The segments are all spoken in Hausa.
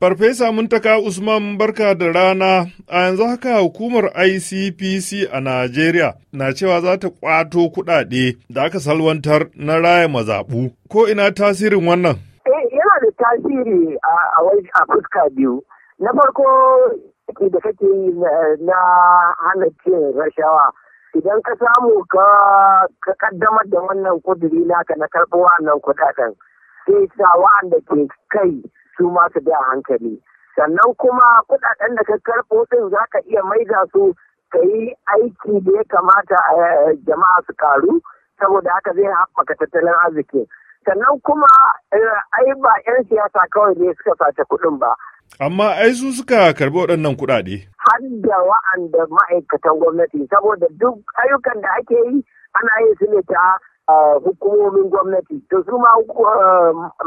Farfesa Muntaka Usman barka da rana a yanzu haka hukumar ICPC a Najeriya na cewa za ta kwato kuɗaɗe da aka salwantar na raya mazaɓu. Ko ina tasirin wannan? Eh, yana da tasiri a fuska biyu. Na farko da kake yi na hana cin rashawa. Idan ka samu ka kaddamar da wannan kuduri naka na karɓo wannan kuɗaɗen. Sai sa wa'anda ke kai su ma su bi a hankali sannan kuma kuɗaɗen da ka karɓo ɗin za ka iya maida su ka yi aiki da ya kamata a eh, jama'a su karu saboda haka zai haɓaka tattalin arziki sannan kuma eh, ai ba 'yan siyasa kawai ne suka sace kuɗin ba amma ai su suka karɓi waɗannan kuɗaɗe har da wa'anda ma'aikatan gwamnati saboda duk ayyukan da ake yi ana yin su ne ta eh, hukumomin gwamnati to su ma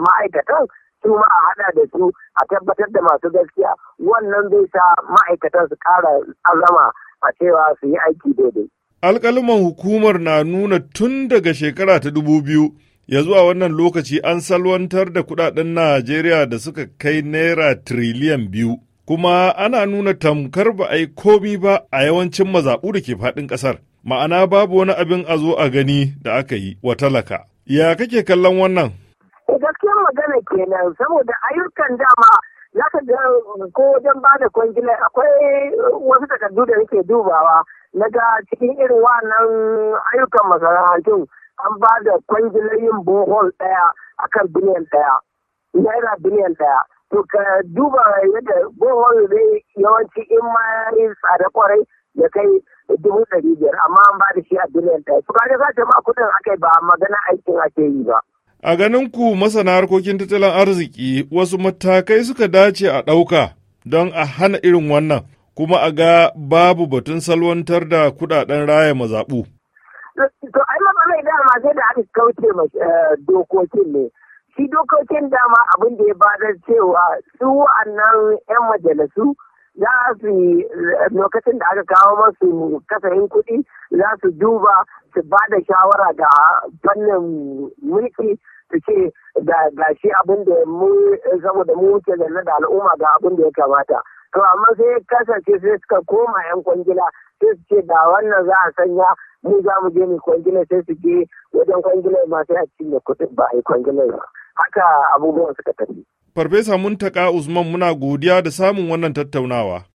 ma'aikatan su ma a hada da su a tabbatar da masu gaskiya wannan zai sa ma'aikatan su kara azama a cewa su yi aiki daidai. alkaliman hukumar na nuna tun daga shekara ta dubu biyu ya zuwa wannan lokaci an salwantar da kudaden Najeriya da suka kai naira tiriliyan biyu. Kuma ana nuna tamkar ba a yi komi ba a yawancin mazaɓu da ke faɗin ƙasar. Ma'ana babu wani abin a zo a gani da aka yi wa talaka. Ya kake kallon wannan? kenan saboda ayyukan dama za ka ga uh, ko wajen ba da kwangila akwai uh, wasu takardu da nake dubawa na ga cikin irin wannan ayyukan masana'antun an ba da kwangilar yin bohol a kan biliyan daya naira biliyan daya to ka duba yadda bohol zai yawanci in ma ya yi tsada kwarai ya kai dubu ɗari biyar amma an ba da shi a biliyan to ka ga za ta ma kuɗin aka yi ba magana aikin ake yi ba. A ganin ku masana harkokin tattalin arziki wasu matakai suka dace a ɗauka don a hana irin wannan kuma a ga babu batun salwantar da kudaden raya mazaɓu. To, ai matsalai dama sai da aka kauce eh, dokokin ne. Shi dokokin dama abin da ya badar cewa su wa'annan 'yan majalisu za su eh, lokacin da aka kawo masu kasayin kuɗi za su duba su ba da shawara ga fannin mulki su ce ga shi abin da mu saboda mu wuce da da al'umma ga abin da ya kamata to amma sai ya kasance sai suka koma yan kwangila sai su ce da wannan za a sanya mu za mu je mu kwangila sai su je wajen kwangila ma sai a cinye kuɗin ba a yi kwangila ba haka abubuwan suka tafi. Farfesa Muntaka Usman muna godiya da samun wannan tattaunawa.